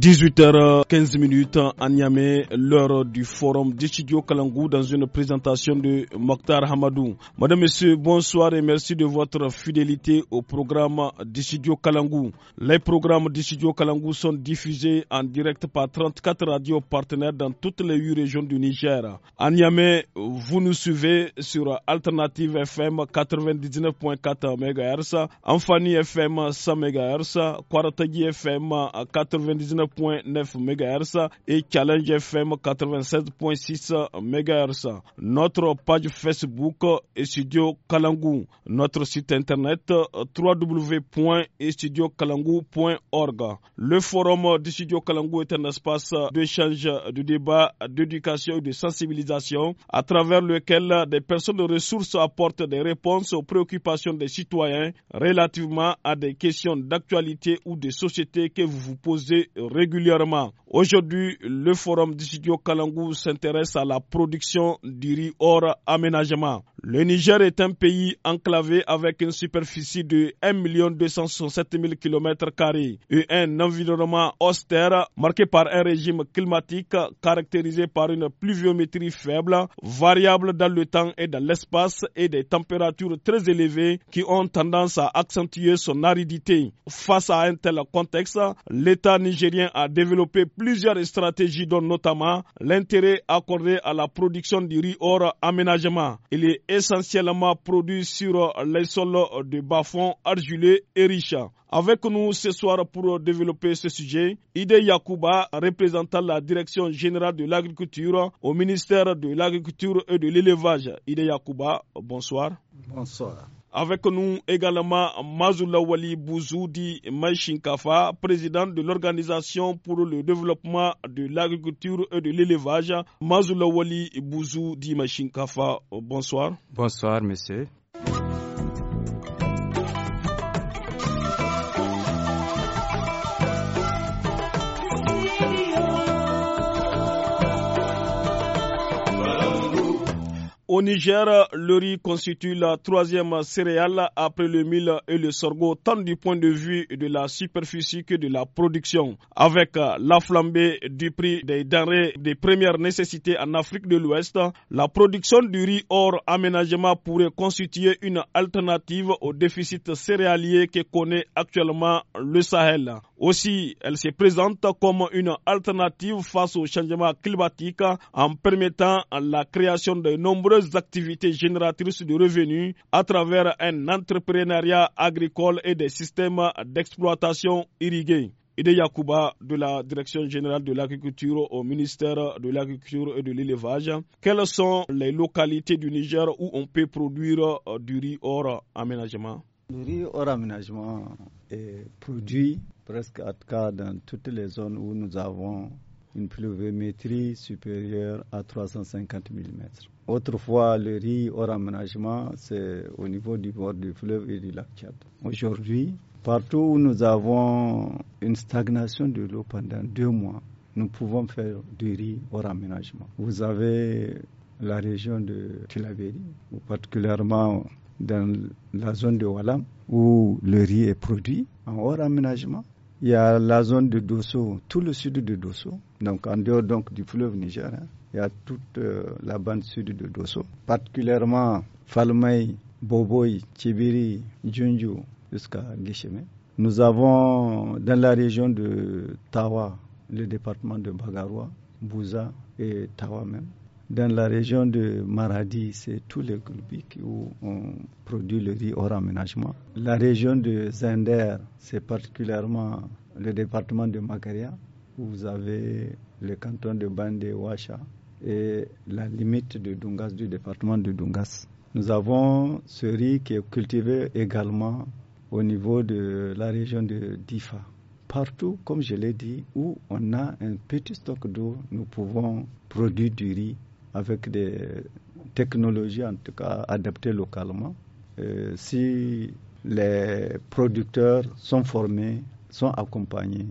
18h15 à Niamey, l'heure du forum d'Istudio studio Kalangou dans une présentation de Mokhtar Hamadou. Madame, Monsieur, bonsoir et merci de votre fidélité au programme Distudio studio Kalangou. Les programmes D'Istudio studio Kalangou sont diffusés en direct par 34 radios partenaires dans toutes les 8 régions du Niger. À Niamey, vous nous suivez sur Alternative FM 99.4 MHz, Amfani FM 100 MHz, Kwaratagi FM 99 .9 MHz et Challenge FM 87.6 MHz. Notre page Facebook est Studio Kalangu. Notre site internet www.studiokalangou.org. Le forum de Studio Kalangu est un espace d'échange, de débat, d'éducation et de sensibilisation à travers lequel des personnes de ressources apportent des réponses aux préoccupations des citoyens relativement à des questions d'actualité ou de société que vous vous posez régulièrement. Aujourd'hui, le forum du studio Kalangou s'intéresse à la production du riz hors aménagement. Le Niger est un pays enclavé avec une superficie de 1 267 km2 et un environnement austère marqué par un régime climatique caractérisé par une pluviométrie faible, variable dans le temps et dans l'espace et des températures très élevées qui ont tendance à accentuer son aridité. Face à un tel contexte, l'État nigérien a développé plusieurs stratégies dont notamment l'intérêt accordé à la production du riz hors aménagement. Il est essentiellement produit sur les sols de bas-fonds argileux et riches. Avec nous ce soir pour développer ce sujet, Ide Yakuba, représentant la Direction générale de l'agriculture au ministère de l'Agriculture et de l'Élevage. Ide Yakuba, bonsoir. Bonsoir. Avec nous également Wali Bouzoudi Machinkafa, président de l'Organisation pour le développement de l'agriculture et de l'élevage. Bouzou Bouzoudi Machinkafa, bonsoir. Bonsoir, monsieur. Au Niger, le riz constitue la troisième céréale après le mil et le sorgho, tant du point de vue de la superficie que de la production. Avec la flambée du prix des denrées des premières nécessités en Afrique de l'Ouest, la production du riz hors aménagement pourrait constituer une alternative au déficit céréalier que connaît actuellement le Sahel. Aussi, elle se présente comme une alternative face au changement climatique en permettant la création de nombreuses activités génératrices de revenus à travers un entrepreneuriat agricole et des systèmes d'exploitation irrigués. Ide Yakuba de la Direction générale de l'agriculture au ministère de l'agriculture et de l'élevage. Quelles sont les localités du Niger où on peut produire euh, du riz hors aménagement Le riz hors aménagement est produit presque à cas dans toutes les zones où nous avons une pluviométrie supérieure à 350 mm. Autrefois, le riz hors aménagement, c'est au niveau du bord du fleuve et du lac Tchad. Aujourd'hui, partout où nous avons une stagnation de l'eau pendant deux mois, nous pouvons faire du riz hors aménagement. Vous avez la région de Tilaberi, ou particulièrement dans la zone de Walam où le riz est produit en hors aménagement. Il y a la zone de Dosso, tout le sud de Dosso, donc en dehors donc du fleuve Niger. Hein, il y a toute euh, la bande sud de Dosso, particulièrement Falmey, Boboy, Tchibiri, Junju jusqu'à Guichemé. Nous avons dans la région de Tawa, le département de Bagaroua, Bouza et Tawa même dans la région de Maradi, c'est tous les groupes où on produit le riz hors aménagement. La région de Zender, c'est particulièrement le département de Magaria, où vous avez le canton de Bande Ouacha et la limite de Dungas du département de Dungas. Nous avons ce riz qui est cultivé également au niveau de la région de Difa partout, comme je l'ai dit, où on a un petit stock d'eau, nous pouvons produire du riz avec des technologies en tout cas adaptées localement. Euh, si les producteurs sont formés, sont accompagnés,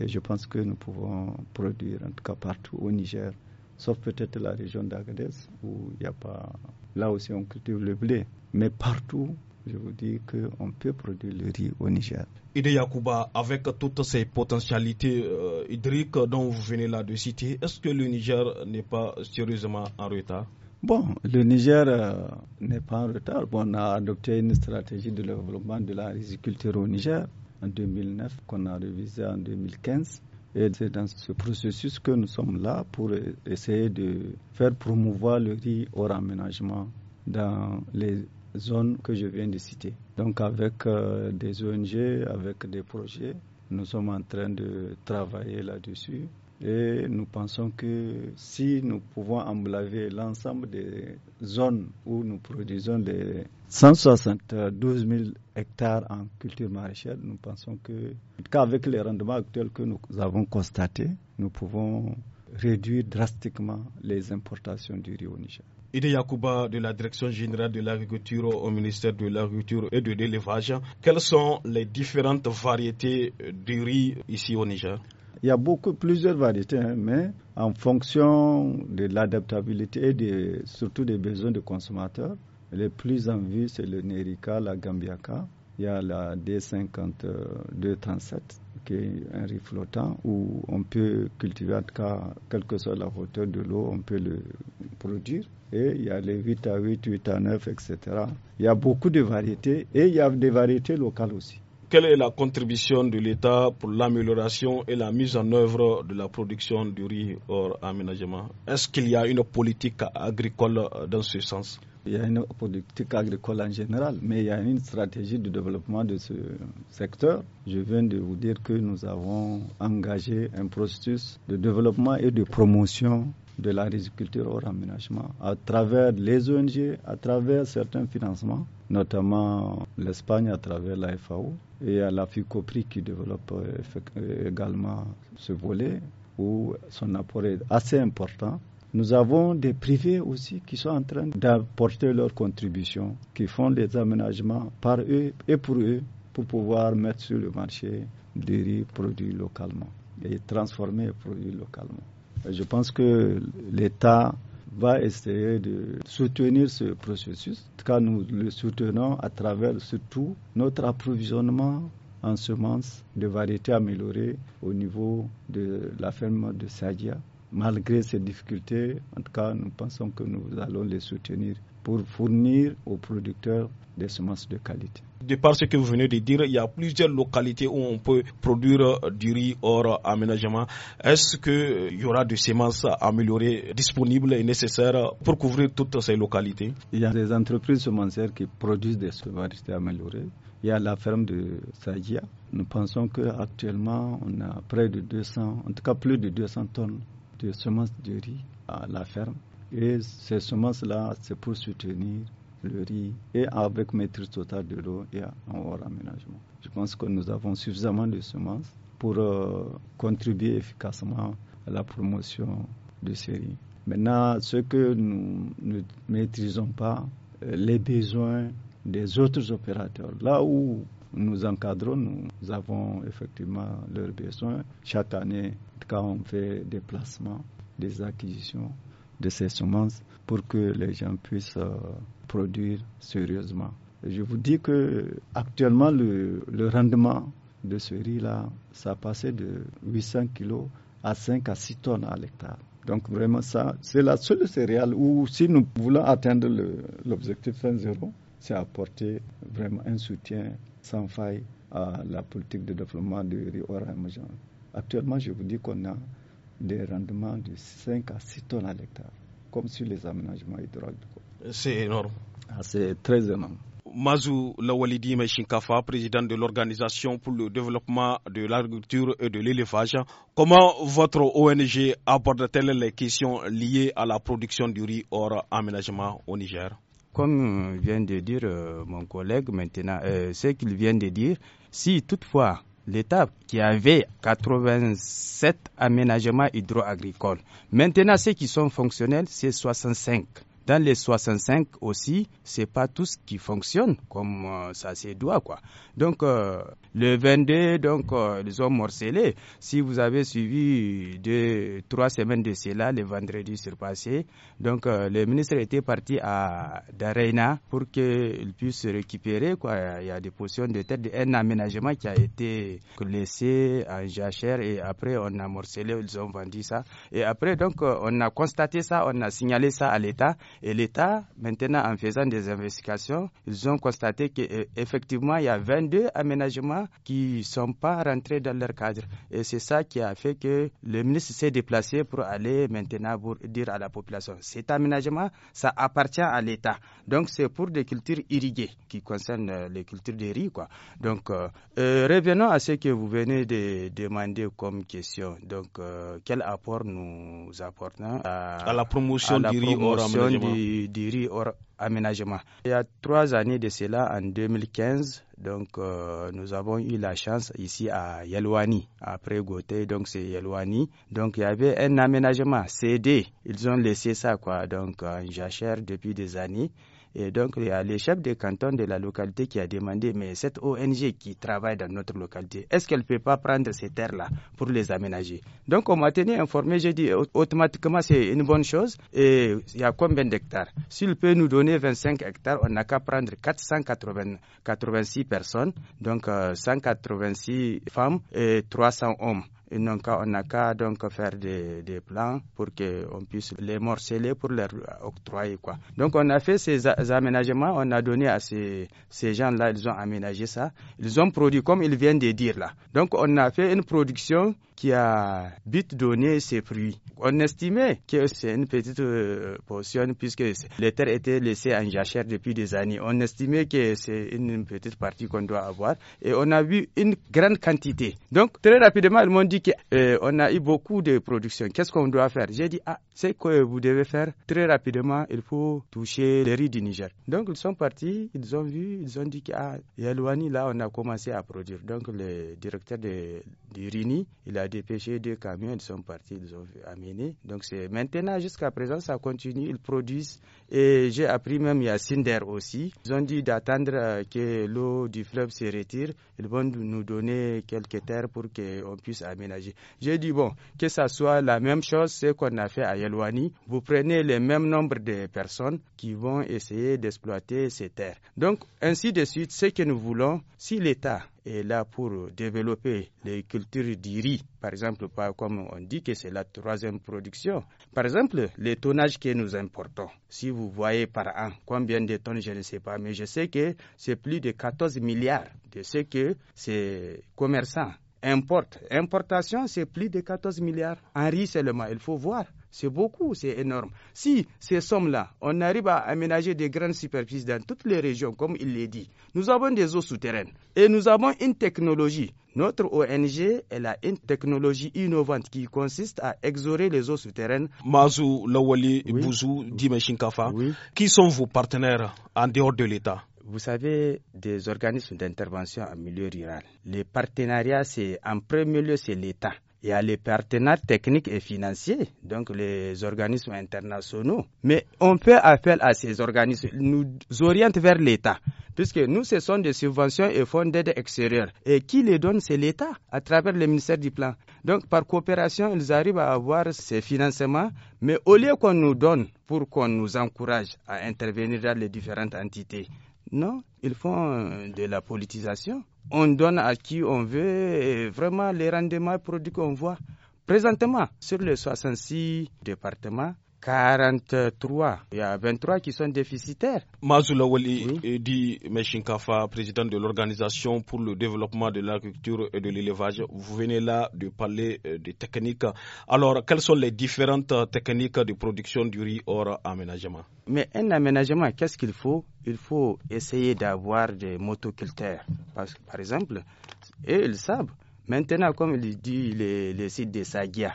et je pense que nous pouvons produire en tout cas partout au Niger, sauf peut-être la région d'Agadez où il n'y a pas. Là aussi, on cultive le blé, mais partout, je vous dis qu'on peut produire le riz au Niger. Ide Yakuba, avec toutes ces potentialités euh, hydriques dont vous venez là de citer, est-ce que le Niger n'est pas sérieusement en retard Bon, le Niger euh, n'est pas en retard. Bon, on a adopté une stratégie de développement de la riziculture au Niger en 2009 qu'on a révisée en 2015. Et c'est dans ce processus que nous sommes là pour essayer de faire promouvoir le riz au raménagement dans les zone que je viens de citer. Donc avec euh, des ONG, avec des projets, nous sommes en train de travailler là-dessus et nous pensons que si nous pouvons emblaver l'ensemble des zones où nous produisons des 172 000 hectares en culture maraîchère, nous pensons que, qu'avec les rendements actuels que nous avons constatés, nous pouvons réduire drastiquement les importations du riz au Niger. Ide Yakuba de la Direction générale de l'agriculture au ministère de l'Agriculture et de l'Élevage, quelles sont les différentes variétés de riz ici au Niger il y a beaucoup, plusieurs variétés, hein, mais en fonction de l'adaptabilité et de, surtout des besoins des consommateurs, les plus en vue, c'est le Nerika, la Gambiaka. Il y a la D5237, qui est un riz flottant, où on peut cultiver, en tout cas, quelle que soit la hauteur de l'eau, on peut le produire il y a les 8 à 8, 8 à 9, etc. Il y a beaucoup de variétés et il y a des variétés locales aussi. Quelle est la contribution de l'État pour l'amélioration et la mise en œuvre de la production du riz hors aménagement Est-ce qu'il y a une politique agricole dans ce sens il y a une politique agricole en général, mais il y a une stratégie de développement de ce secteur. Je viens de vous dire que nous avons engagé un processus de développement et de promotion de l'agriculture hors aménagement à travers les ONG, à travers certains financements, notamment l'Espagne à travers la FAO et à la FICOPRI qui développe euh, également ce volet où son apport est assez important. Nous avons des privés aussi qui sont en train d'apporter leurs contributions, qui font des aménagements par eux et pour eux pour pouvoir mettre sur le marché des riz produits localement et transformer les produits localement. Je pense que l'État va essayer de soutenir ce processus. En tout cas, nous le soutenons à travers surtout notre approvisionnement en semences de variétés améliorées au niveau de la ferme de Sadia. Malgré ces difficultés, en tout cas, nous pensons que nous allons les soutenir pour fournir aux producteurs des semences de qualité. De par ce que vous venez de dire, il y a plusieurs localités où on peut produire euh, du riz hors aménagement. Est-ce qu'il euh, y aura des semences améliorées disponibles et nécessaires pour couvrir toutes ces localités Il y a des entreprises semencières qui produisent des semences améliorées. Il y a la ferme de Sagia. Nous pensons qu'actuellement, on a près de 200, en tout cas plus de 200 tonnes de semences de riz à la ferme. Et ces semences-là, c'est pour soutenir le riz et avec maîtrise totale de l'eau et en hors aménagement. Je pense que nous avons suffisamment de semences pour euh, contribuer efficacement à la promotion de ces riz. Maintenant, ce que nous ne maîtrisons pas, euh, les besoins des autres opérateurs. Là où nous encadrons, nous avons effectivement leurs besoins. Chaque année, quand on fait des placements, des acquisitions, de ces semences pour que les gens puissent euh, produire sérieusement. Je vous dis que actuellement le, rendement de ce riz-là, ça a passé de 800 kg à 5 à 6 tonnes à l'hectare. Donc vraiment ça, c'est la seule céréale où si nous voulons atteindre l'objectif fin zéro, c'est apporter vraiment un soutien sans faille à la politique de développement du riz orange. Actuellement, je vous dis qu'on a des rendements de 5 à 6 tonnes à l'hectare, comme sur les aménagements hydrographiques. C'est énorme. Ah, c'est très énorme. Mazou Lawalidi Meshinkafa, président de l'Organisation pour le développement de l'agriculture et de l'élevage. Comment votre ONG aborde-t-elle les questions liées à la production du riz hors aménagement au Niger Comme vient de dire euh, mon collègue maintenant, euh, ce qu'il vient de dire, si toutefois l'État qui avait 87 aménagements hydro-agricoles. Maintenant, ceux qui sont fonctionnels, c'est 65. Dans les 65 aussi, c'est pas tout ce qui fonctionne comme euh, ça se doit quoi. Donc euh, le 22 donc euh, ils ont morcelé. Si vous avez suivi deux trois semaines de cela le vendredi surpassé, donc le ministre était parti à Darena pour qu'il puisse se récupérer quoi. Il y a des potions de tête, un aménagement qui a été laissé en jachère et après on a morcelé, ils ont vendu ça et après donc on a constaté ça, on a signalé ça à l'État et l'État, maintenant, en faisant des investigations, ils ont constaté qu'effectivement, euh, il y a 22 aménagements qui ne sont pas rentrés dans leur cadre. Et c'est ça qui a fait que le ministre s'est déplacé pour aller maintenant pour dire à la population, cet aménagement, ça appartient à l'État. Donc, c'est pour des cultures irriguées qui concernent euh, les cultures de riz. Quoi. Donc, euh, revenons à ce que vous venez de demander comme question. Donc, quel apport nous apportons à, la promotion, du, riz promotion du, riz hors aménagement. Il y a trois années de cela, en 2015, donc euh, nous avons eu la chance ici à Yelwani, après Goté, donc c'est Yelwani. Donc il y avait un aménagement cédé. Ils ont laissé ça quoi, donc en euh, jachère depuis des années. Et donc, il y a les chefs de canton de la localité qui a demandé, mais cette ONG qui travaille dans notre localité, est-ce qu'elle ne peut pas prendre ces terres-là pour les aménager Donc, on m'a tenu informé, j'ai dit, automatiquement, c'est une bonne chose. Et il y a combien d'hectares S'il peut nous donner 25 hectares, on n'a qu'à prendre 486 personnes, donc 186 euh, femmes et 300 hommes on n'a qu'à donc faire des, des plans pour qu'on puisse les morceler pour leur octroyer. Quoi. Donc on a fait ces aménagements, on a donné à ces, ces gens-là, ils ont aménagé ça, ils ont produit comme ils viennent de dire là. Donc on a fait une production qui a but donné ses fruits. On estimait que c'est une petite euh, portion puisque les terres étaient laissées en jachère depuis des années. On estimait que c'est une petite partie qu'on doit avoir et on a vu une grande quantité. Donc très rapidement, ils m'ont dit euh, on qu'on a eu beaucoup de production. Qu'est-ce qu'on doit faire J'ai dit, ah, c'est que vous devez faire très rapidement, il faut toucher les riz du Niger. Donc, ils sont partis, ils ont vu, ils ont dit qu'à ah, Yalouani, là, on a commencé à produire. Donc, le directeur de, du RINI, il a dépêché deux camions, ils sont partis, ils ont amener. Donc, c'est maintenant, jusqu'à présent, ça continue, ils produisent, et j'ai appris même il y aussi. Ils ont dit d'attendre euh, que l'eau du fleuve se retire. Ils vont nous donner quelques terres pour qu'on puisse aménager. J'ai dit, bon, que ce soit la même chose, ce qu'on a fait à Yelwani. Vous prenez le même nombre de personnes qui vont essayer d'exploiter ces terres. Donc, ainsi de suite, ce que nous voulons, si l'État et là pour développer les cultures du riz, par exemple, comme on dit que c'est la troisième production. Par exemple, les tonnages que nous importons, si vous voyez par an combien de tonnes, je ne sais pas, mais je sais que c'est plus de 14 milliards de ce que ces commerçants importent. Importation, c'est plus de 14 milliards. En riz seulement, il faut voir. C'est beaucoup, c'est énorme. Si ces sommes-là, on arrive à aménager des grandes superficies dans toutes les régions, comme il l'a dit, nous avons des eaux souterraines et nous avons une technologie. Notre ONG, elle a une technologie innovante qui consiste à exhorer les eaux souterraines. Mazou, Lawali, Bouzou, qui sont vos partenaires en dehors de l'État vous savez, des organismes d'intervention en milieu rural. Les partenariats, c'est en premier lieu, c'est l'État. Il y a les partenaires techniques et financiers, donc les organismes internationaux. Mais on fait appel à ces organismes, nous orientent vers l'État, puisque nous, ce sont des subventions et fonds d'aide extérieure. Et qui les donne, c'est l'État, à travers le ministère du Plan. Donc, par coopération, ils arrivent à avoir ces financements, mais au lieu qu'on nous donne pour qu'on nous encourage à intervenir dans les différentes entités, non, ils font euh, de la politisation. On donne à qui on veut vraiment les rendements produits qu'on voit. Présentement, sur les 66 départements, 43. Il y a 23 qui sont déficitaires. Mazoula Wali euh, dit Meshinkafa, président de l'Organisation pour le développement de l'agriculture et de l'élevage. Vous venez là de parler euh, des techniques. Alors, quelles sont les différentes euh, techniques de production du riz hors aménagement Mais un aménagement, qu'est-ce qu'il faut Il faut essayer d'avoir des motoculteurs. Parce que, par exemple, eux, ils savent. Maintenant, comme il dit les, les sites de Sagia,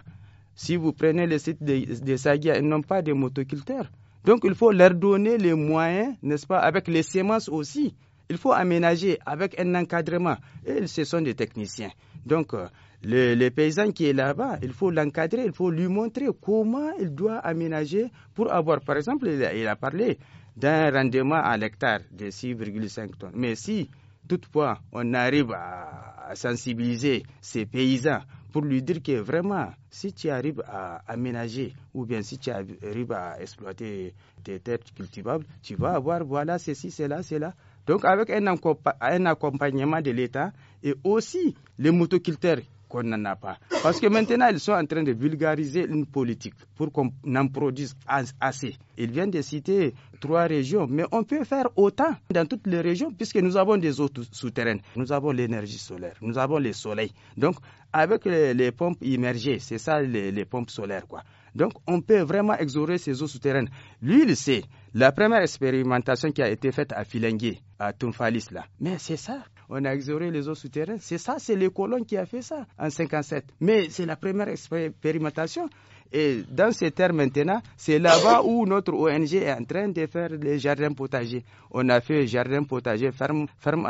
si vous prenez le site de, de Sagia, ils n'ont pas de motoculteurs. Donc il faut leur donner les moyens, n'est-ce pas, avec les semences aussi. Il faut aménager avec un encadrement. Et ce sont des techniciens. Donc euh, le, paysan qui est là-bas, il faut l'encadrer, il faut lui montrer comment il doit aménager pour avoir, par exemple, il a, il a parlé d'un rendement à l'hectare de 6,5 tonnes. Mais si toutefois, on arrive à sensibiliser ces paysans pour lui dire que vraiment, si tu arrives à aménager ou bien si tu arrives à exploiter tes terres cultivables, tu vas avoir voilà ceci, cela, cela. Donc avec un accompagnement de l'État et aussi les motoculteurs qu'on n'en a pas. Parce que maintenant, ils sont en train de vulgariser une politique pour qu'on en produise assez. Ils viennent de citer trois régions, mais on peut faire autant dans toutes les régions puisque nous avons des eaux souterraines, nous avons l'énergie solaire, nous avons le soleil. Donc, avec les, pompes immergées, c'est ça les, pompes solaires, quoi. Donc, on peut vraiment exhorer ces eaux souterraines. Lui, il sait. La première expérimentation qui a été faite à Filengui, à Tumfalis, là. Mais c'est ça on a exoré les eaux souterraines. C'est ça, c'est les colons qui a fait ça en 1957. Mais c'est la première expérimentation. Et dans ces terres maintenant, c'est là-bas où notre ONG est en train de faire les jardins potagers. On a fait jardin potager, ferme, ferme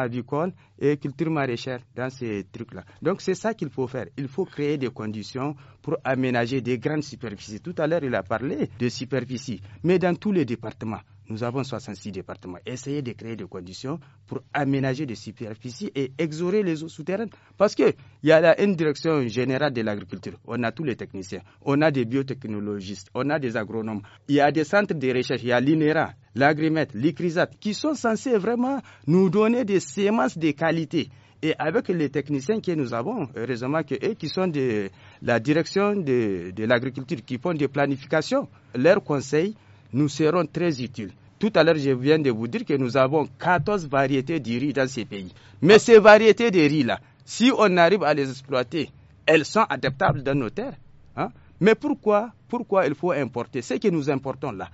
et culture maraîchère dans ces trucs-là. Donc c'est ça qu'il faut faire. Il faut créer des conditions pour aménager des grandes superficies. Tout à l'heure, il a parlé de superficie, mais dans tous les départements. Nous avons 66 départements. Essayez de créer des conditions pour aménager des superficies et exorer les eaux souterraines. Parce qu'il y a une direction générale de l'agriculture. On a tous les techniciens. On a des biotechnologistes. On a des agronomes. Il y a des centres de recherche. Il y a l'INERA, l'Agrimètre, l'ICRISAT, qui sont censés vraiment nous donner des sémences de qualité. Et avec les techniciens que nous avons, heureusement que qui sont de la direction de, de l'agriculture, qui font des planifications, leur conseil, nous serons très utiles. Tout à l'heure, je viens de vous dire que nous avons 14 variétés de riz dans ces pays. Mais ah. ces variétés de riz-là, si on arrive à les exploiter, elles sont adaptables dans nos terres. Hein. Mais pourquoi, pourquoi il faut importer ce que nous importons là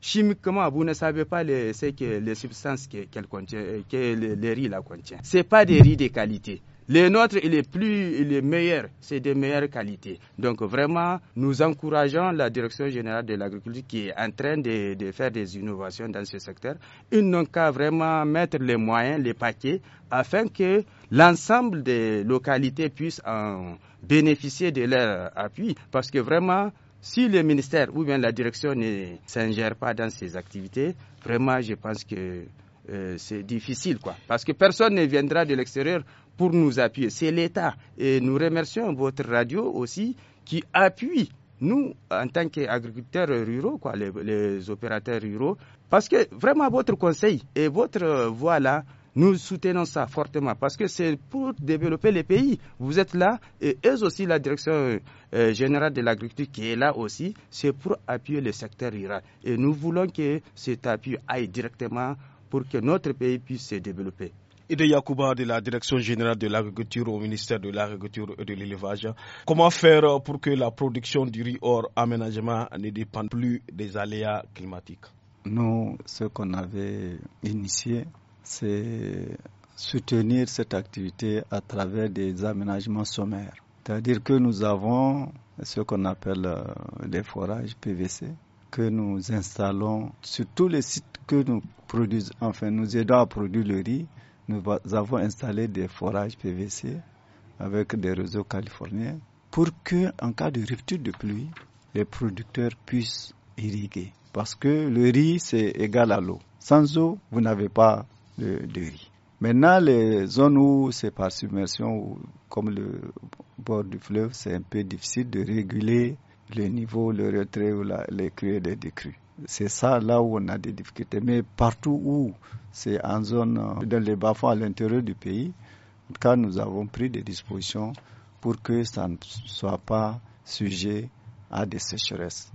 Chimiquement, vous ne savez pas les, que, les substances que le, riz là contient. Ce n'est pas des riz de qualité. Les nôtres, il est plus, il est meilleur, c'est de meilleures qualités. Donc vraiment, nous encourageons la Direction générale de l'agriculture qui est en train de, faire des innovations dans ce secteur. Ils n'ont qu'à vraiment mettre les moyens, les paquets, afin que l'ensemble des localités puissent en bénéficier de leur appui. Parce que vraiment, si le ministère ou bien la direction ne s'ingère pas dans ces activités, vraiment, je pense que euh, c'est difficile, quoi. Parce que personne ne viendra de l'extérieur pour nous appuyer. C'est l'État. Et nous remercions votre radio aussi qui appuie nous, en tant qu'agriculteurs ruraux, quoi, les, opérateurs ruraux, parce que vraiment votre conseil et votre voix là, nous soutenons ça fortement parce que c'est pour développer les pays. Vous êtes là et eux aussi, la direction euh, générale de l'agriculture qui est là aussi, c'est pour appuyer le secteur rural. Et nous voulons que cet appui aille directement pour que notre pays puisse se développer. Et de Yacouba de la Direction générale de l'agriculture au ministère de l'agriculture et de l'élevage. Comment faire pour que la production du riz hors aménagement ne dépende plus des aléas climatiques Nous, ce qu'on avait initié, c'est soutenir cette activité à travers des aménagements sommaires. C'est-à-dire que nous avons ce qu'on appelle euh, des forages PVC que nous installons sur tous les sites que nous produisons, enfin nous aidons à produire le riz, nous avons installé des forages PVC avec des réseaux californiens pour que, en cas de rupture de pluie, les producteurs puissent irriguer. Parce que le riz, c'est égal à l'eau. Sans eau, vous n'avez pas de, riz. Maintenant, les zones où c'est par submersion, comme le bord du fleuve, c'est un peu difficile de réguler le niveau, le retrait ou la, les crues des décrues. C'est ça là où on a des difficultés. Mais partout où c'est en zone, euh, dans les bas-fonds à l'intérieur du pays, en tout cas, nous avons pris des dispositions pour que ça ne soit pas sujet à des sécheresses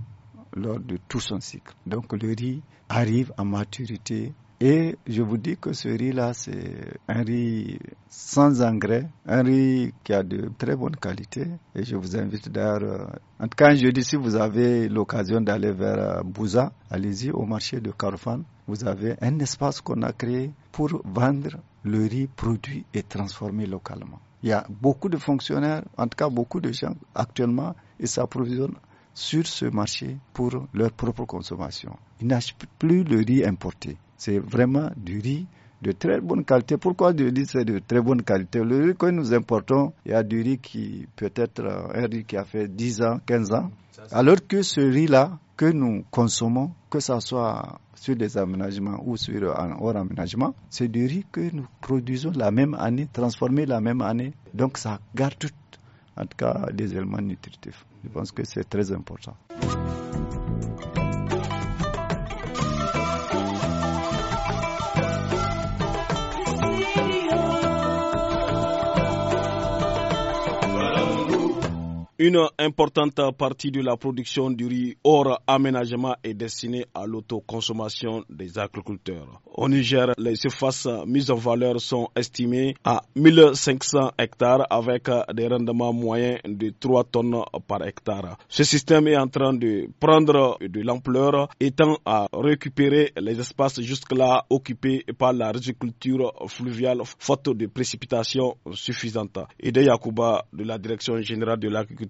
lors de tout son cycle. Donc le riz arrive à maturité et je vous dis que ce riz-là, c'est un riz sans engrais, un riz qui a de très bonne qualité. Et je vous invite d'ailleurs, euh, en tout cas, je si vous avez l'occasion d'aller vers euh, Bouza, allez-y au marché de Carfan. Vous avez un espace qu'on a créé pour vendre le riz produit et transformé localement. Il y a beaucoup de fonctionnaires, en tout cas beaucoup de gens actuellement, ils s'approvisionnent sur ce marché pour leur propre consommation. Ils n'achètent plus le riz importé. C'est vraiment du riz de très bonne qualité. Pourquoi du riz c'est de très bonne qualité Le riz que nous importons, il y a du riz qui peut-être euh, un riz qui a fait 10 ans, 15 ans. Alors que ce riz-là que nous consommons, que ce soit sur des aménagements ou sur un euh, hors aménagement, c'est du riz que nous produisons la même année, transformé la même année. Donc ça garde tout, en tout cas des éléments nutritifs. Je pense que c'est très important. Une importante partie de la production du riz hors aménagement est destinée à l'autoconsommation des agriculteurs. Au Niger, les surfaces mises en valeur sont estimées à 1500 hectares avec des rendements moyens de 3 tonnes par hectare. Ce système est en train de prendre de l'ampleur étant à récupérer les espaces jusque-là occupés par la l'agriculture fluviale faute de précipitations suffisantes. Yakuba de la Direction générale de l'agriculture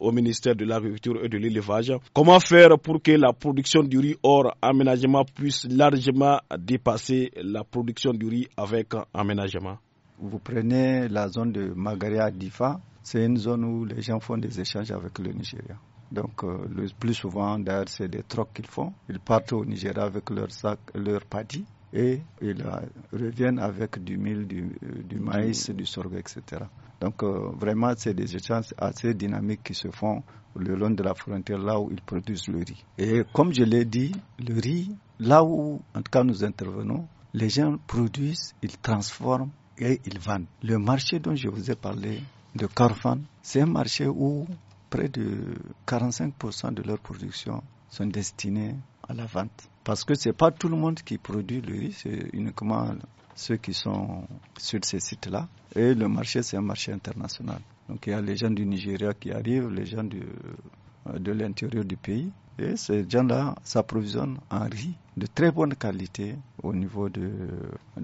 au ministère de l'agriculture et de l'élevage. Comment faire pour que la production du riz hors aménagement puisse largement dépasser la production du riz avec aménagement Vous prenez la zone de Magaria Difa, c'est une zone où les gens font des échanges avec le Nigeria. Donc, euh, le plus souvent, d'ailleurs, c'est des trocs qu'ils font. Ils partent au Nigeria avec leur sac, leur paddy et ils reviennent avec du mil, du, euh, maïs, du sorgho, etc. Donc euh, vraiment, c'est des échanges assez dynamiques qui se font le long de la frontière, là où ils produisent le riz. Et comme je l'ai dit, le riz, là où, en tout cas, nous intervenons, les gens produisent, ils transforment et ils vendent. Le marché dont je vous ai parlé, de Carfan, c'est un marché où près de 45% de leur production sont destinés la vente. Parce que ce n'est pas tout le monde qui produit le riz, c'est uniquement ceux qui sont sur ces sites-là. Et le marché, c'est un marché international. Donc il y a les gens du Nigeria qui arrivent, les gens de l'intérieur du pays. Et ces gens-là s'approvisionnent en riz de très bonne qualité au niveau de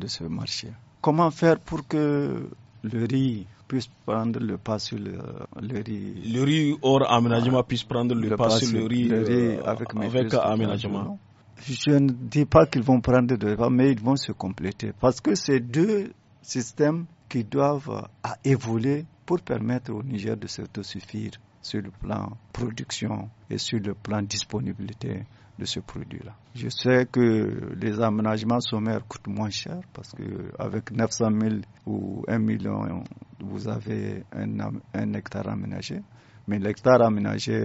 ce marché. Comment faire pour que le riz puisse prendre le pas sur le, riz. Le riz hors aménagement puisse prendre le, pas, sur le riz, euh, avec, aménagement. Je ne dis pas qu'ils vont prendre de pas, mais ils vont se compléter. Parce que c'est deux systèmes qui doivent euh, évoluer pour permettre au Niger de s'autosuffire sur le plan production et sur le plan disponibilité de ce produit-là. Je sais que les aménagements sommaires coûtent moins cher parce que avec 900 000 ou 1 million, vous avez un, hectare aménagé. Mais l'hectare aménagé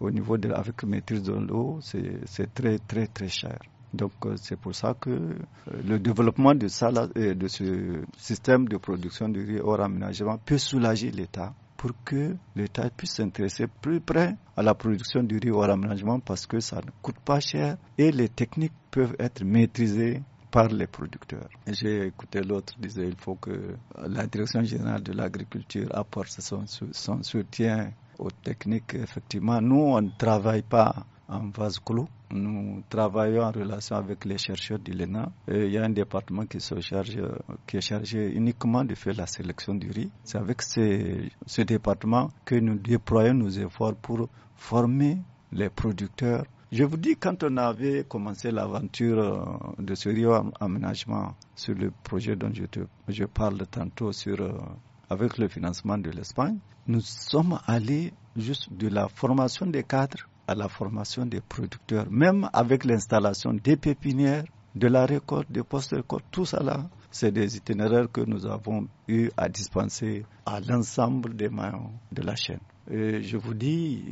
au niveau de avec maîtrise de l'eau, c'est très très très cher. Donc euh, c'est pour ça que euh, le développement de, ça, euh, de ce système de production de riz hors aménagement peut soulager l'État pour que l'État puisse s'intéresser plus près à la production du riz ou à l'aménagement parce que ça ne coûte pas cher et les techniques peuvent être maîtrisées par les producteurs. J'ai écouté l'autre disait il faut que la direction générale de l'agriculture apporte son, son soutien aux techniques. Effectivement, nous, on ne travaille pas en vase clos. Nous travaillons en relation avec les chercheurs du l'ENA. Il y a un département qui, se charge, qui est chargé uniquement de faire la sélection du riz. C'est avec ce, département que nous déployons nos efforts pour former les producteurs je vous dis, quand on avait commencé l'aventure euh, de ce riz Aménagement sur le projet dont je, je parle tantôt sur, euh, avec le financement de l'Espagne, nous sommes allés juste de la formation des cadres à la formation des producteurs, même avec l'installation des pépinières, de la récolte, des post-récoltes, tout cela, c'est des itinéraires que nous avons eu à dispenser à l'ensemble des maillons de la chaîne. Et je vous dis,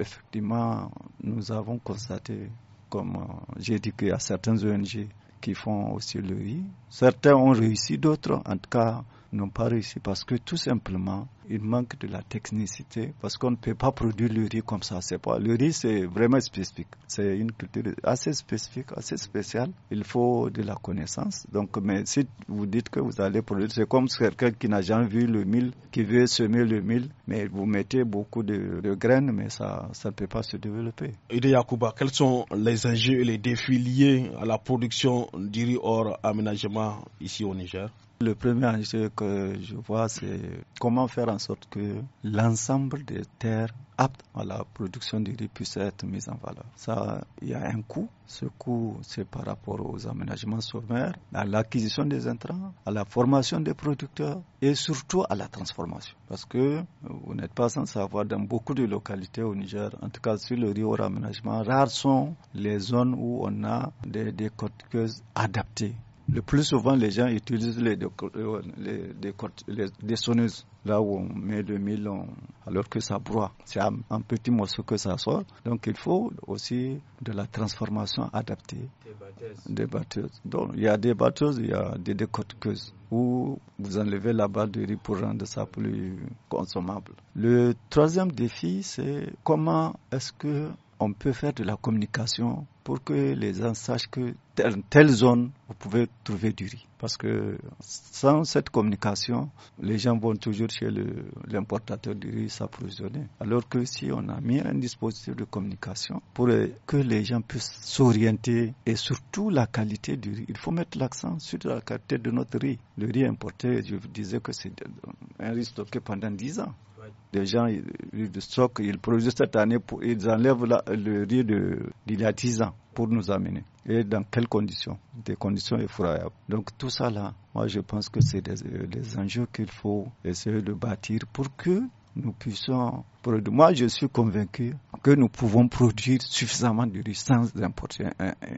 effectivement, nous avons constaté, comme j'ai dit qu'il y a certaines ONG qui font aussi le oui. Certains ont réussi, d'autres, en tout cas, n'ont pas réussi parce que tout simplement, il manque de la technicité parce qu'on ne peut pas produire le riz comme ça. C'est pas le riz, c'est vraiment spécifique. C'est une culture assez spécifique, assez spéciale. Il faut de la connaissance. Donc, mais si vous dites que vous allez produire, c'est comme quelqu'un qui n'a jamais vu le mil, qui veut semer le mil, mais vous mettez beaucoup de, graines, mais ça, ça ne peut pas se développer. Ide Kouba, quels sont les enjeux et les défis liés à la production du riz hors aménagement ici au Niger? Le premier enjeu que je vois, c'est comment faire en sorte que l'ensemble des terres aptes à la production du riz puissent être mises en valeur. Ça, il y a un coût. Ce coût, c'est par rapport aux aménagements sommaires, à l'acquisition des intrants, à la formation des producteurs et surtout à la transformation. Parce que vous n'êtes pas sans savoir, dans beaucoup de localités au Niger, en tout cas sur le riz au raménagement, rares sont les zones où on a des, des adaptées le plus souvent, les gens utilisent les, euh, les, les, là où on met le mille, alors que ça broie. C'est un, petit morceau que ça sort. Donc, il faut aussi de la transformation adaptée. Des batteuses. Des batteuses. Donc, il y a des batteuses, il y a des décortiqueuses où vous enlevez la barre de riz pour rendre ça plus consommable. Le troisième défi, c'est comment est-ce que on peut faire de la communication pour que les gens sachent que dans telle zone, vous pouvez trouver du riz. Parce que sans cette communication, les gens vont toujours chez l'importateur du riz s'approvisionner. Alors que si on a mis un dispositif de communication pour euh, que les gens puissent s'orienter et surtout la qualité du riz, il faut mettre l'accent sur la qualité de notre riz. Le riz importé, je vous disais que c'est un riz stocké pendant 10 ans des gens vivent de stock. Ils produisent cette année, pour, ils enlèvent le riz de, 10 ans pour nous amener. Et dans quelles conditions Des conditions effroyables. Donc tout ça là, moi je pense que c'est des, euh, des enjeux qu'il faut essayer de bâtir pour que nous puissions produire. Moi, je suis convaincu que nous pouvons produire suffisamment de riz sans importer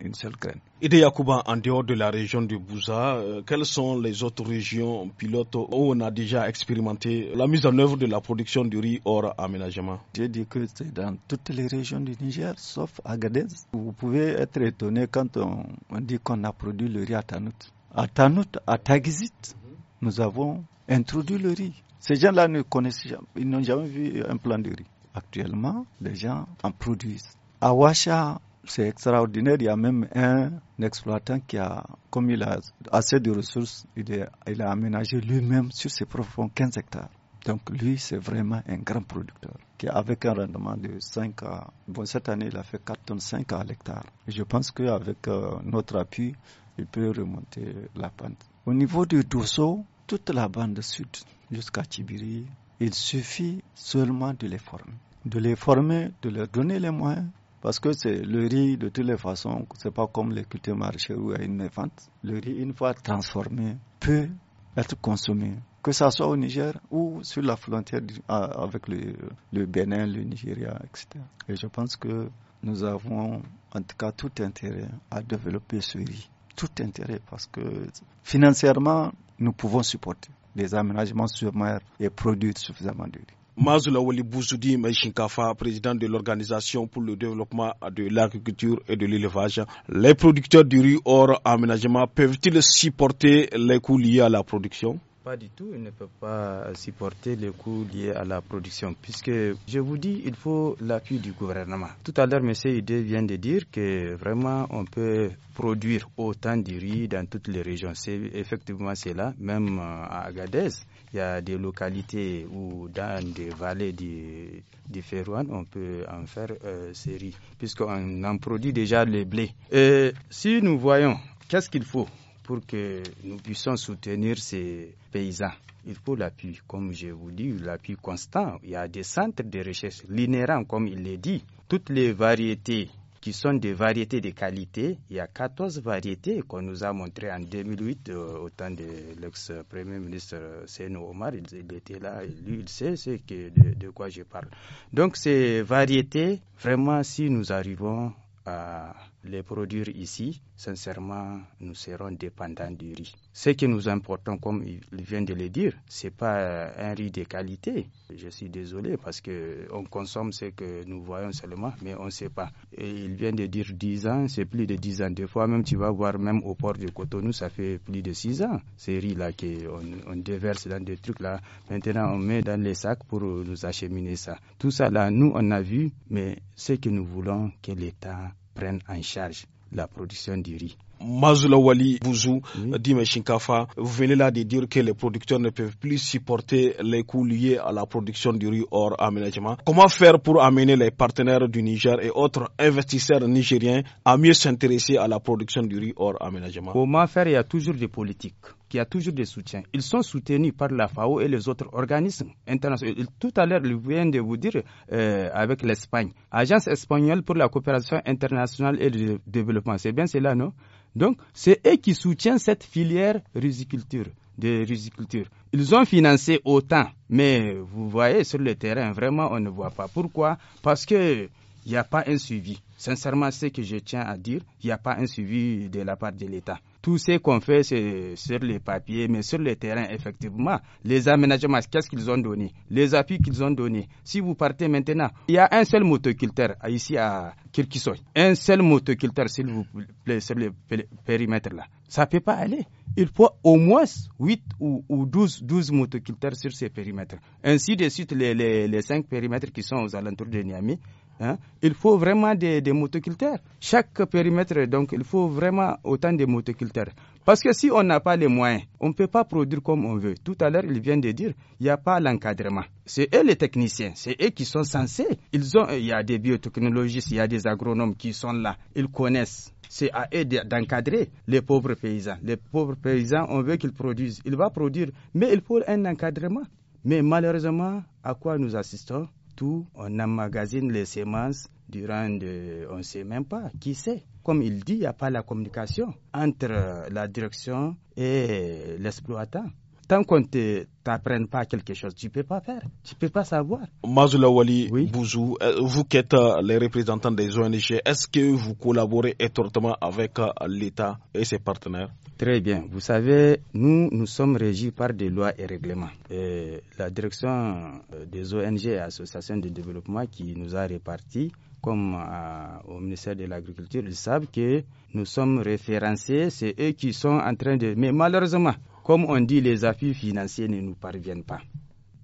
une seule graine. Ide Yakuba, en dehors de la région de Bouza, euh, quelles sont les autres régions pilotes où on a déjà expérimenté la mise en œuvre de la production du riz hors aménagement J'ai dit que c'est dans toutes les régions du Niger, sauf Agadez. Vous pouvez être étonné quand on, dit qu'on a produit le riz à Tanout. À Tanout, à Tagizit, mhm. nous avons introduit le riz. Ces gens-là ne connaissent jamais, ils n'ont jamais vu un plan de riz. Actuellement, les gens en produisent. À Ouacha, c'est extraordinaire. Il y a même un exploitant qui a, comme il a assez de ressources, il, il a aménagé lui-même sur ses profonds 15 hectares. Donc lui, c'est vraiment un grand producteur qui avec un rendement de 5 à... Bon, cette année, il a fait 4 tonnes 5 à l'hectare. Je pense qu'avec euh, notre appui, il peut remonter la pente. Au niveau du Dosso, toute la bande sud jusqu'à Tibiri, il suffit seulement de les former. De les former, de leur donner les moyens. Parce que c'est le riz, de toutes les façons, c'est pas comme les cultures il y à une vente. Le riz, une fois transformé, peut être consommé, que ce soit au Niger ou sur la frontière avec le, le Bénin, le Nigeria, etc. Et je pense que nous avons en tout cas tout intérêt à développer ce riz. Tout intérêt parce que financièrement, nous pouvons supporter des aménagements sur mer et produire suffisamment de riz. Mazula Wali Bouzoudi président de l'Organisation pour le développement de l'agriculture et de l'élevage. Les producteurs du riz hors aménagement peuvent-ils supporter les coûts liés à la production pas du tout, il ne peut pas euh, supporter les coûts liés à la production, puisque je vous dis, il faut l'appui du gouvernement. Tout à l'heure, M. Idé vient de dire que vraiment, on peut produire autant de riz dans toutes les régions. C'est effectivement même euh, à Agadez. Il y a des localités où, dans des vallées du, du on peut en faire euh, riz. puisqu'on en produit déjà le blé. Et si nous voyons, qu'est-ce qu'il faut pour que nous puissions soutenir ces paysans. Il faut l'appui, comme je vous dis, l'appui constant. Il y a des centres de recherche, l'inhérent, comme il l'a dit. Toutes les variétés qui sont des variétés de qualité. Il y a 14 variétés qu'on nous a montrées en 2008 euh, au temps de l'ex-premier ministre euh, Seno Omar. Il, était là, lui, il sait ce que, de, quoi je parle. Donc ces variétés, vraiment, si nous arrivons à les produire ici, sincèrement, nous serons dépendants du riz. Ce que nous importons, comme il vient de le dire, ce n'est pas euh, un riz de qualité. Je suis désolé parce qu'on consomme ce que nous voyons seulement, mais on ne sait pas. Et il vient de dire 10 ans, c'est plus de 10 ans. Des fois, même tu vas voir, même au port de Cotonou, ça fait plus de 6 ans. Ces riz-là qu'on on déverse dans des trucs-là, maintenant on met dans les sacs pour nous acheminer ça. Tout ça, là, nous, on a vu, mais ce que nous voulons que l'État en charge la production du riz. Mazula Wali Bouzou, Dime Shinkafa, vous venez là de dire que les producteurs ne peuvent plus supporter les coûts liés à la production du riz hors aménagement. Comment faire pour amener les partenaires du Niger et autres investisseurs nigériens à mieux s'intéresser à la production du riz hors aménagement Comment faire Il y a toujours des politiques qui a toujours des soutiens. Ils sont soutenus par la FAO et les autres organismes internationaux. Tout à l'heure, je viens de vous dire euh, avec l'Espagne, Agence espagnole pour la coopération internationale et le développement. C'est bien cela, non Donc, c'est eux qui soutiennent cette filière riziculture de riziculture. Ils ont financé autant, mais vous voyez sur le terrain, vraiment, on ne voit pas. Pourquoi Parce que il n'y a pas un suivi. Sincèrement, ce que je tiens à dire, il n'y a pas un suivi de la part de l'État tout ce qu'on fait, c'est sur les papiers, mais sur le terrain, effectivement, les aménagements, qu'est-ce qu'ils ont donné Les appuis qu'ils ont donnés. Si vous partez maintenant, il y a un seul motoculteur ici à Kirkisoy. Un seul motoculteur, s'il vous plaît, sur le périmètre-là. Ça ne peut pas aller. Il faut au moins 8 ou, ou 12, 12 motoculteurs sur ces périmètres. Ainsi de suite, les, les, les 5 périmètres qui sont aux alentours de Niamey, Hein. Il faut vraiment des, motoculteurs. Chaque périmètre, donc, il faut vraiment autant de motoculteurs. Parce que si on n'a pas les moyens, on ne peut pas produire comme on veut. Tout à l'heure, il vient de dire, il n'y a pas l'encadrement. C'est eux les techniciens, c'est eux qui sont censés. il y a des biotechnologistes, il y a des agronomes qui sont là. Ils connaissent c'est à eux d'encadrer les pauvres paysans. Les pauvres paysans, on veut qu'ils produisent. Ils vont produire, mais il faut un encadrement. Mais malheureusement, à quoi nous assistons tout, on emmagasine les semences durant, de, on ne sait même pas, qui sait. Comme il dit, il n'y a pas la communication entre la direction et l'exploitant tant qu'on ne t'apprenne pas quelque chose, tu ne peux pas faire, tu ne peux pas savoir. Mazoula Wali euh, vous qui êtes euh, les représentants des ONG, est-ce que vous collaborez étroitement avec euh, l'État et ses partenaires Très bien. Vous savez, nous, nous sommes régis par des lois et règlements. Et la direction des ONG et associations de développement qui nous a répartis comme au ministère de l'Agriculture, ils savent que nous sommes référencés, c'est eux qui sont en train de... Mais malheureusement, comme on dit, les appuis financiers ne nous parviennent pas.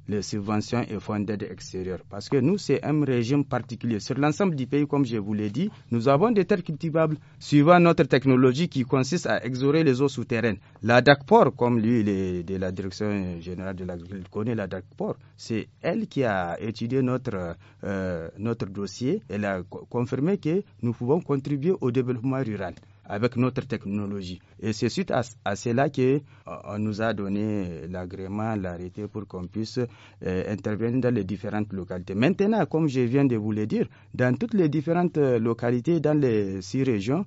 Les subventions et fonds d'aide extérieure. Parce que nous, c'est un régime particulier. Sur l'ensemble du pays, comme je vous l'ai dit, nous avons des terres cultivables suivant notre technologie qui consiste à exorer les eaux souterraines. La DACPOR, comme lui, de la Direction générale de l'agriculture, connaît la DACPOR. C'est elle qui a étudié notre, euh, notre dossier. Elle a confirmé que nous pouvons contribuer au développement rural avec notre technologie. Et c'est suite à, cela qu'on euh, nous a donné l'agrément, l'arrêté pour qu'on puisse euh, intervenir dans les différentes localités. Maintenant, comme je viens de vous le dire, dans toutes les différentes euh, localités, dans les six régions,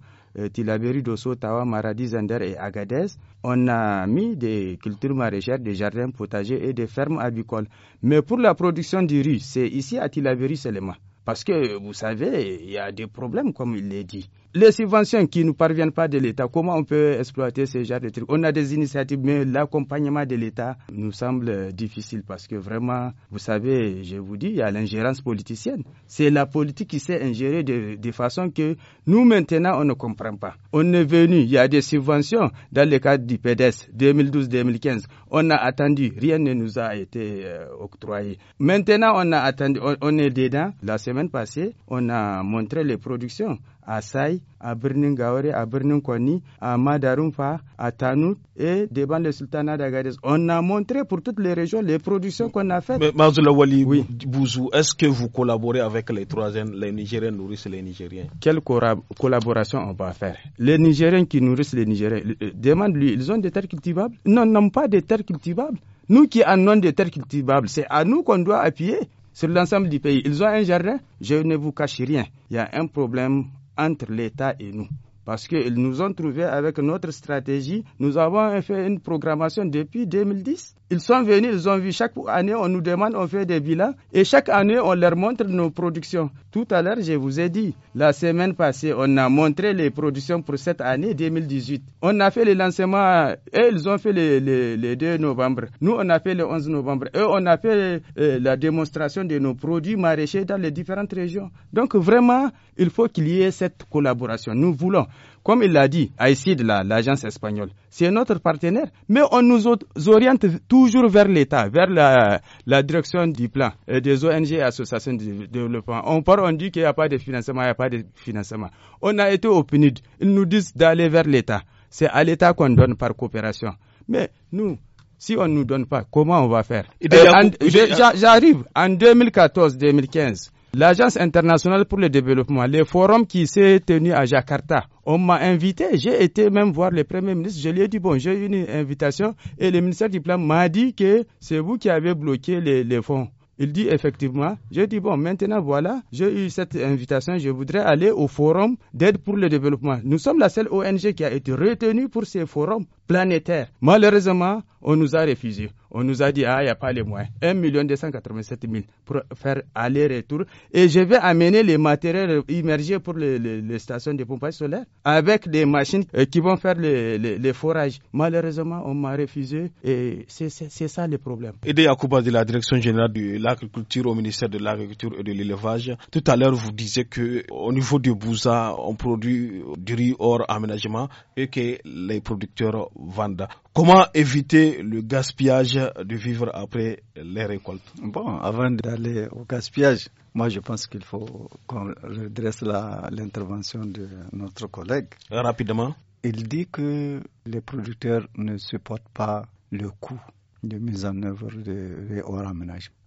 Tilaberi, Dosso, Tawa, Maradi, Zander et Agadez, on a mis des cultures maraîchères, des jardins potagers et des fermes avicoles. Mais pour la production du riz, c'est ici à Tilaberi seulement. Parce que vous savez, il y a des problèmes, comme il l'a dit les subventions qui ne parviennent pas de l'État, comment on peut exploiter ces genre de trucs On a des initiatives, mais l'accompagnement de l'État nous semble difficile parce que vraiment, vous savez, je vous dis, il y a l'ingérence politicienne. C'est la politique qui s'est ingérée de, façon que nous, maintenant, on ne comprend pas. On est venu, il y a des subventions dans le cadre du PDS e 2012-2015. On a attendu, rien ne nous a été euh, octroyé. Maintenant, on a attendu, on est dedans. La semaine passée, on a montré les productions à Sai, à birnin à a birnin Kwani, à Madarumfa, à Tanut et devant le sultanat d'Agadez. On a montré pour toutes les régions les productions qu'on a faites. Mais Wali oui. Bouzou, est-ce que vous collaborez avec les Troisièmes, les Nigériens nourrissent les Nigériens Quelle collaboration on va faire Les Nigériens qui nourrissent les Nigériens, demande-lui, ils ont des terres cultivables Non, n'ont pas de terres cultivables. Nous qui en avons des terres cultivables, c'est à nous qu'on doit appuyer sur l'ensemble du pays. Ils ont un jardin, je ne vous cache rien. Il y a un problème entre l'État et nous. Parce qu'ils nous ont trouvés avec notre stratégie. Nous avons fait une programmation depuis 2010. Ils sont venus, ils ont vu chaque année, on nous demande, on fait des bilans. Et chaque année, on leur montre nos productions. Tout à l'heure, je vous ai dit, la semaine passée, on a montré les productions pour cette année 2018. On a fait le lancement, et ils ont fait le, le, 2 novembre. Nous, on a fait le 11 novembre. Et on a fait euh, la démonstration de nos produits maraîchers dans les différentes régions. Donc vraiment, il faut qu'il y ait cette collaboration. Nous voulons. Comme il l'a dit, de l'agence espagnole, c'est notre partenaire, mais on nous oriente toujours vers l'État, vers la, direction du plan euh, des ONG et associations de développement. On parle on dit qu'il n'y a pas de financement, il n'y a pas de financement. On a été au ils nous disent d'aller vers l'État. C'est à l'État qu'on donne par coopération. Mais nous, si on ne nous donne pas, comment on va faire euh, J'arrive en 2014-2015 l'Agence internationale pour le développement, le forums qui s'est tenu à Jakarta. On m'a invité, j'ai été même voir le Premier ministre, je lui ai dit, bon, j'ai eu une invitation, et le ministère du Plan m'a dit que c'est vous qui avez bloqué les, les fonds. Il dit effectivement, j'ai dit bon, maintenant voilà, j'ai eu cette invitation, je voudrais aller au forum d'aide pour le développement. Nous sommes la seule ONG qui a été retenue pour ces forums planétaire. Malheureusement, on nous a refusé. On nous a dit, ah, il n'y a pas les moyens. 1 287 000 pour faire aller-retour. Et je vais amener les matériels immergés pour les, stations de pompage solaire avec des machines euh, qui vont faire les, les forages. Malheureusement, on m'a refusé et c'est ça le problème. Et à Yacouba de la Direction Générale de l'Agriculture au ministère de l'Agriculture et de l'Élevage, tout à l'heure, vous disiez que au niveau du Bouza, on produit du riz hors aménagement et que les producteurs Vanda. Comment éviter le gaspillage de vivre après les récoltes Bon, avant d'aller au gaspillage, moi je pense qu'il faut qu'on redresse l'intervention de notre collègue. Euh, rapidement. Il dit que les producteurs ne supportent pas le coût de mise en œuvre de hors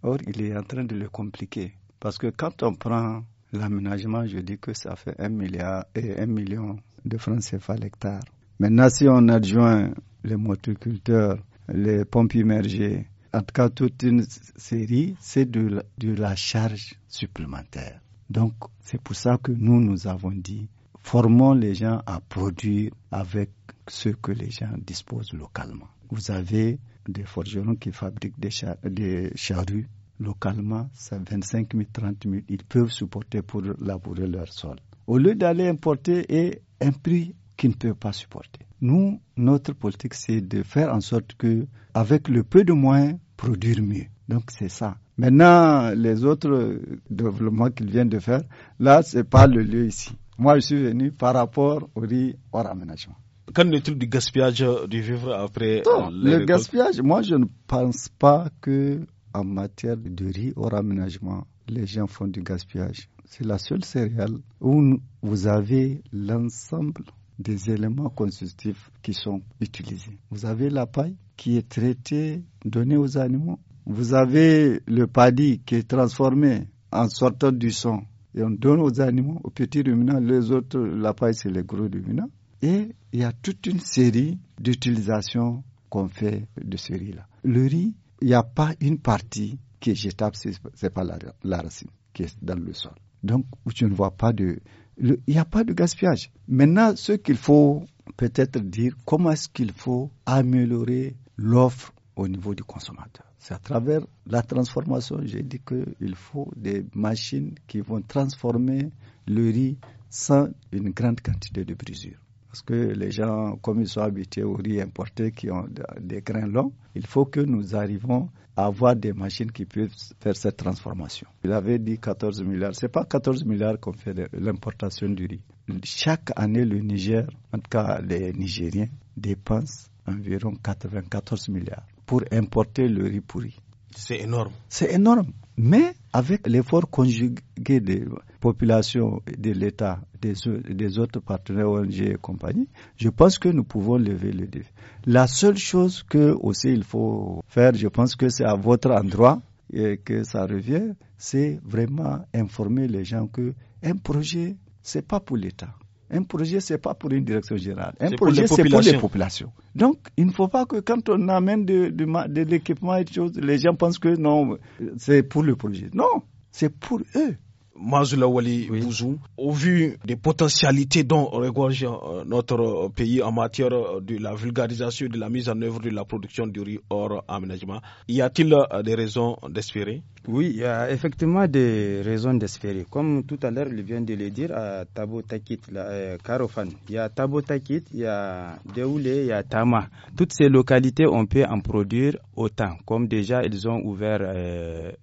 Or, il est en train de le compliquer. Parce que quand on prend l'aménagement, je dis que ça fait 1 milliard et 1 million de francs CFA l'hectare. Maintenant, si on adjoint les motoculteurs, les pompes immergées, en tout cas toute une série, c'est de, la charge supplémentaire. Donc, c'est pour ça que nous, nous avons dit, formons les gens à produire avec ce que les gens disposent localement. Vous avez des forgerons qui fabriquent des, des charrues localement, ça 25 000, 30 000, ils peuvent supporter pour labourer leur sol. Au lieu d'aller importer et un prix qui ne peut pas supporter. Nous, notre politique, c'est de faire en sorte que, avec le peu de moins produire mieux. Donc c'est ça. Maintenant, les autres développements qu'ils viennent de faire, là, ce n'est pas le lieu ici. Moi, je suis venu par rapport au riz au aménagement. Quand le truc du gaspillage du vivre après. le gaspillage, moi, je ne pense pas que en matière de riz hors aménagement, les gens font du gaspillage. C'est la seule céréale où vous avez l'ensemble des éléments constructifs qui sont utilisés. Vous avez la paille qui est traitée, donnée aux animaux. Vous avez le paddy qui est transformé en sortant du sang et on donne aux animaux, aux petits ruminants, les autres, la paille c'est les gros ruminants. Et il y a toute une série d'utilisations qu'on fait de ce riz-là. Le riz, il n'y a pas une partie qui est jetable, ce n'est pas la, la, racine qui est dans le sol. Donc, tu ne vois pas de, il n'y a pas de gaspillage. Maintenant, ce qu'il faut peut-être dire, comment est-ce qu'il faut améliorer l'offre au niveau du consommateur. C'est à travers la transformation, j'ai dit qu'il faut des machines qui vont transformer le riz sans une grande quantité de brisure parce que les gens, comme ils sont habitués au riz importés qui ont des grains longs, il faut que nous arrivions à avoir des machines qui puissent faire cette transformation. Il avait dit 14 milliards. Ce n'est pas 14 milliards qu'on fait l'importation du riz. Chaque année, le Niger, en tout cas les Nigériens, dépensent environ 94 milliards pour importer le riz pourri. C'est énorme. C'est énorme. Mais avec l'effort conjugué des populations, de l'État, des, autres partenaires ONG et compagnie, je pense que nous pouvons lever le défi. La seule chose que aussi il faut faire, je pense que c'est à votre endroit et que ça revient, c'est vraiment informer les gens que un projet, c'est pas pour l'État. Un projet, ce n'est pas pour une direction générale. Un projet, c'est pour les populations. Donc, il ne faut pas que quand on amène de, de, l'équipement et des choses, les gens pensent que non, c'est pour le projet. Non, c'est pour eux. Mazula Wali Bouzou, au vu des potentialités dont regorge euh, notre pays en matière euh, de la vulgarisation de la mise en œuvre de la production du riz hors aménagement, y a-t-il euh, des raisons d'espérer Oui, il y a effectivement des raisons d'espérer. Comme tout à l'heure, il vient de le dire à Tabo Takit, la, Il y a Tabo Takit, il y a Deoulé, il y a Tama. Toutes ces localités, on peut en produire autant. Comme déjà, ils ont ouvert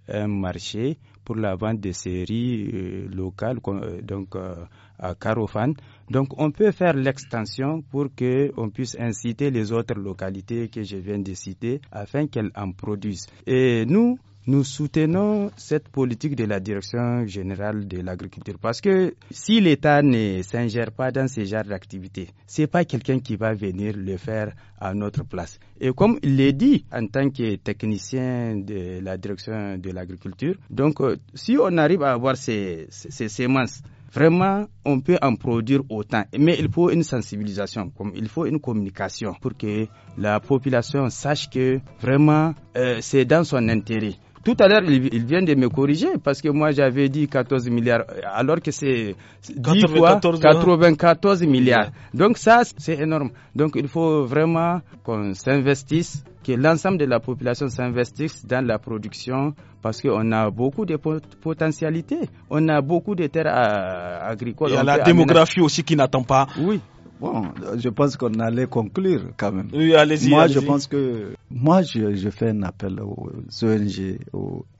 un marché pour la vente des séries euh, locales euh, donc euh, à Carofan. Donc on peut faire l'extension pour que on puisse inciter les autres localités que je viens de citer afin qu'elles en produisent. Et nous nous soutenons cette politique de la direction générale de l'agriculture parce que si l'État ne s'ingère pas dans ce genre d'activité, c'est pas quelqu'un qui va venir le faire à notre place. Et comme il l'a dit en tant que technicien de la direction de l'agriculture, donc euh, si on arrive à avoir ces, semences, Vraiment, on peut en produire autant, mais il faut une sensibilisation, comme il faut une communication pour que la population sache que vraiment euh, c'est dans son intérêt. Tout à l'heure, il, vient de me corriger parce que moi j'avais dit 14 milliards euh, alors que c'est 10 fois 94 hein. milliards. Donc ça, c'est énorme. Donc il faut vraiment qu'on s'investisse, que l'ensemble de la population s'investisse dans la production parce qu'on a beaucoup de potentialités. On a beaucoup de terres euh, agricoles. Il y a la démographie aussi qui n'attend pas. Oui. Bon, je pense qu'on allait conclure quand même. Oui, allez-y. Moi, je pense que. Moi, je, fais un appel aux ONG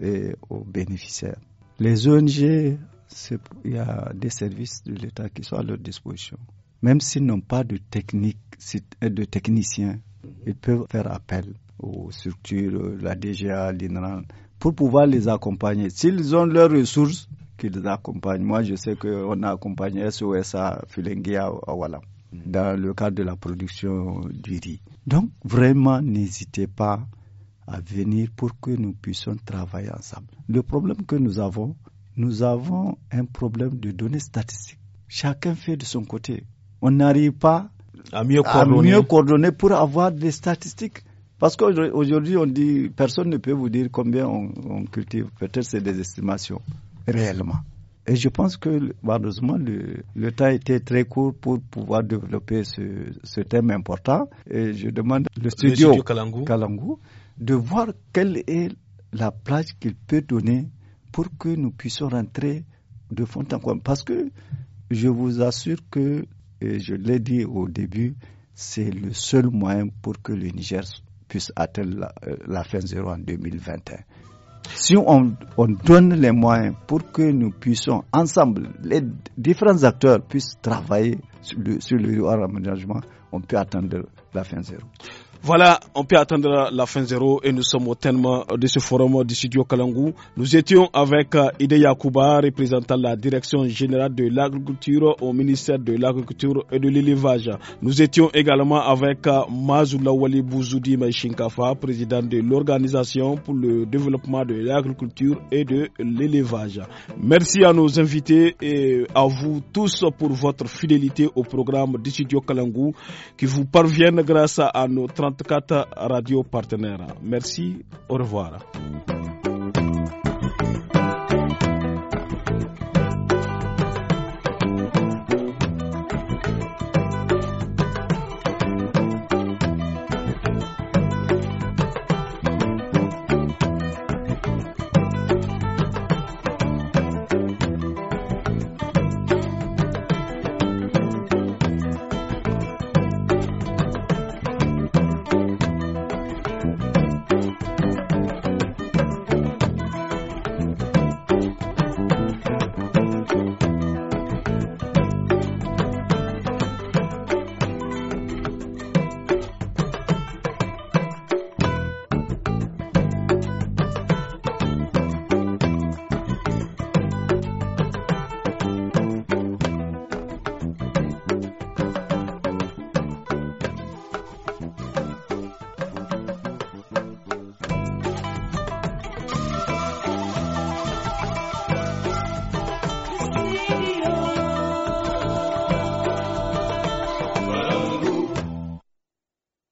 et aux bénéficiaires. Les ONG, il y a des services de l'État qui sont à leur disposition. Même s'ils n'ont pas de technique, euh, de techniciens, ils peuvent faire appel aux structures, euh, la DGA, l'INRAN, pour pouvoir les accompagner. S'ils ont leurs ressources, qu'ils accompagnent. Moi, je sais qu'on a accompagné SOSA, à Mm. dans le cadre de la production du riz. Donc vraiment, n'hésitez pas à venir pour que nous puissions travailler ensemble. Le problème que nous avons, nous avons un problème de données statistiques. Chacun fait de son côté. On n'arrive pas à mieux, coordonner pour avoir des statistiques. Parce qu'aujourd'hui, on dit, personne ne peut vous dire combien on, on cultive. Peut-être c'est des estimations, réellement. Et je pense que, malheureusement, le, le, temps était très court pour pouvoir développer ce, thème important. Et je demande le studio, Kalangu. de voir quelle est la place qu'il peut donner pour que nous puissions rentrer de fond en comble. Parce que je vous assure que, je l'ai dit au début, c'est le seul moyen pour que le Niger puisse atteindre la, euh, la fin zéro en 2021 si on, on, donne les moyens pour que nous puissions ensemble, les différents acteurs puissent travailler sur le, sur le management, on peut atteindre la fin zéro. Voilà, on peut attendre la fin zéro et nous sommes au terme de ce forum du studio Kalangou. Nous étions avec euh, Ide Yakuba, représentant la direction générale de l'agriculture au ministère de l'agriculture et de l'élevage. Nous étions également avec euh, Mazoulawali Bouzoudi Maïchinkafa, président de l'organisation pour le développement de l'agriculture et de l'élevage. Merci à nos invités et à vous tous pour votre fidélité au programme du studio Kalangou qui vous parviennent grâce à nos 34 Radio partenaires. Merci, au revoir.